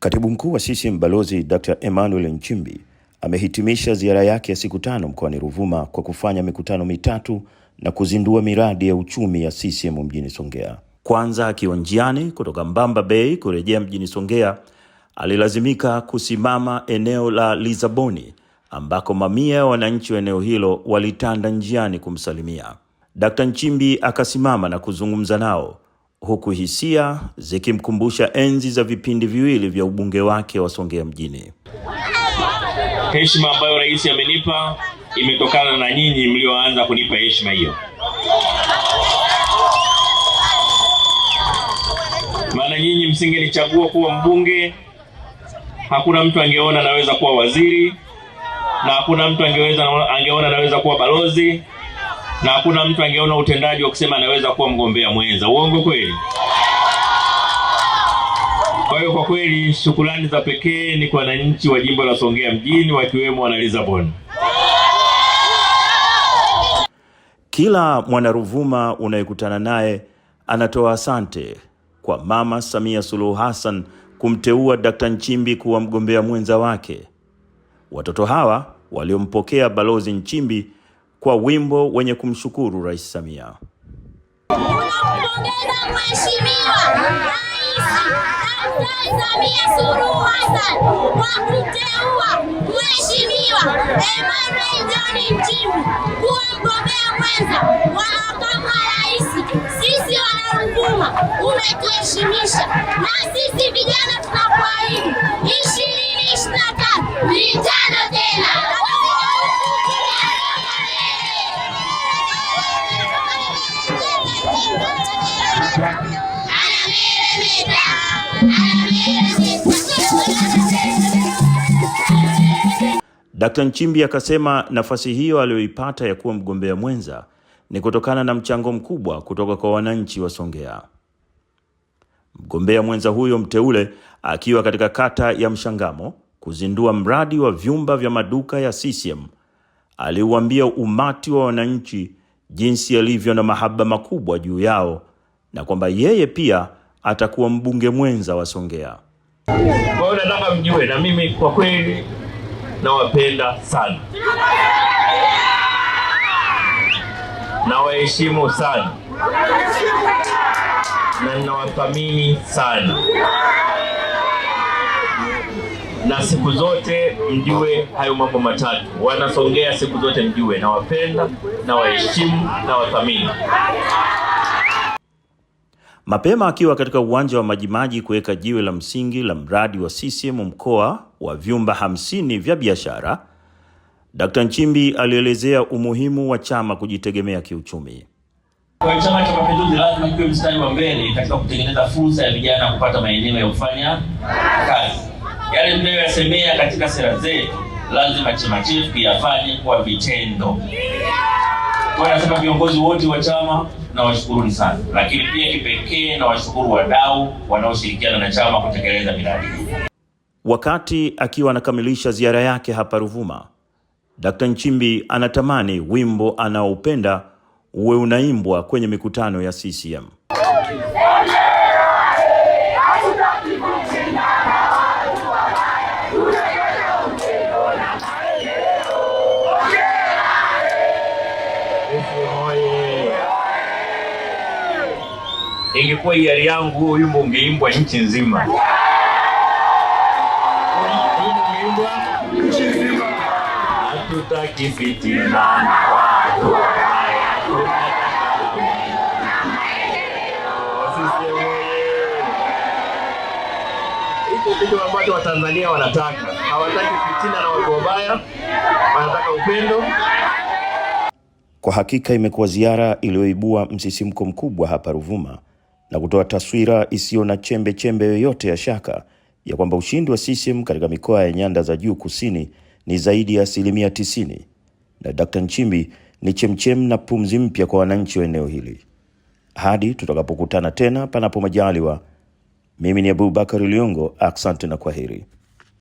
Katibu mkuu wa CCM Balozi Dr. Emmanuel Nchimbi amehitimisha ziara yake ya siku tano mkoani Ruvuma kwa kufanya mikutano mitatu na kuzindua miradi ya uchumi ya CCM mjini Songea. Kwanza, akiwa njiani kutoka Mbamba Bay kurejea mjini Songea, alilazimika kusimama eneo la lisaboni ambako mamia ya wananchi wa eneo hilo walitanda njiani kumsalimia. Dr. Nchimbi akasimama na kuzungumza nao huku hisia zikimkumbusha enzi za vipindi viwili vya ubunge wake wa Songea mjini. Heshima ambayo rais amenipa imetokana na nyinyi mlioanza kunipa heshima hiyo. Maana nyinyi msingenichagua kuwa mbunge, hakuna mtu angeona naweza kuwa waziri, na hakuna mtu angeweza angeona naweza kuwa balozi na hakuna mtu angeona utendaji wa kusema anaweza kuwa mgombea mwenza. Uongo kweli? Kwa hiyo kwa kweli shukrani za pekee ni kwa wananchi wa jimbo la Songea mjini wakiwemo wana Lisabon. Kila mwanaruvuma unayekutana naye anatoa asante kwa Mama Samia Suluhu Hassan kumteua Dr. Nchimbi kuwa mgombea mwenza wake. Watoto hawa waliompokea Balozi Nchimbi kwa wimbo wenye kumshukuru Rais Samia. Tunampongeza Mheshimiwa Rais Samia Suluhu Hassan kwa kuteua Mheshimiwa Emmanuel John Nchimbi kuwa mgombea mwenza wa Dkt. Nchimbi akasema nafasi hiyo aliyoipata ya kuwa mgombea mwenza ni kutokana na mchango mkubwa kutoka kwa wananchi wa Songea. Mgombea mwenza huyo mteule akiwa katika kata ya Mshangamo kuzindua mradi wa vyumba vya maduka ya CCM aliuambia umati wa wananchi jinsi alivyo na mahaba makubwa juu yao na kwamba yeye pia atakuwa mbunge mwenza wa Songea. Kwa hiyo nataka mjue na mimi kwa kweli nawapenda sana, nawaheshimu sana na ninawathamini sana, na siku zote mjue hayo mambo matatu. Wanasongea siku zote mjue, nawapenda, nawaheshimu, nawathamini. Mapema akiwa katika uwanja wa Majimaji kuweka jiwe la msingi la mradi wa CCM mkoa wa vyumba hamsini vya biashara, Dkt. Nchimbi alielezea umuhimu wa chama kujitegemea kiuchumi. Kwa Chama cha Mapinduzi lazima kiwe mstari wa mbele katika kutengeneza fursa ya vijana kupata maeneo ya kufanya kazi. Yale tunayoyasemea katika sera zetu lazima chama chetu kiyafanye kwa vitendo. Kwa hiyo nasema viongozi wote wa chama nawashukuruni sana, lakini pia kipekee na washukuru wadau wanaoshirikiana na chama kutekeleza miradi. Wakati akiwa anakamilisha ziara yake hapa Ruvuma, Dkt. Nchimbi anatamani wimbo anaoupenda uwe unaimbwa kwenye mikutano ya CCM. ingekuwa hiari yangu, huo wimbo ungeimbwa nchi nzima. Hatutaki fitina na watu Kitu ambacho Watanzania wanataka, hawataki fitina na watu wabaya, wanataka upendo. Kwa hakika imekuwa ziara iliyoibua msisimko mkubwa hapa Ruvuma na kutoa taswira isiyo na chembe chembe yoyote ya shaka ya kwamba ushindi wa CCM katika mikoa ya nyanda za juu kusini ni zaidi ya asilimia tisini na Dr. Nchimbi ni chemchem na pumzi mpya kwa wananchi wa eneo hili. Hadi tutakapokutana tena, panapo majaliwa, mimi ni Abubakar liongo asante na kwaheri.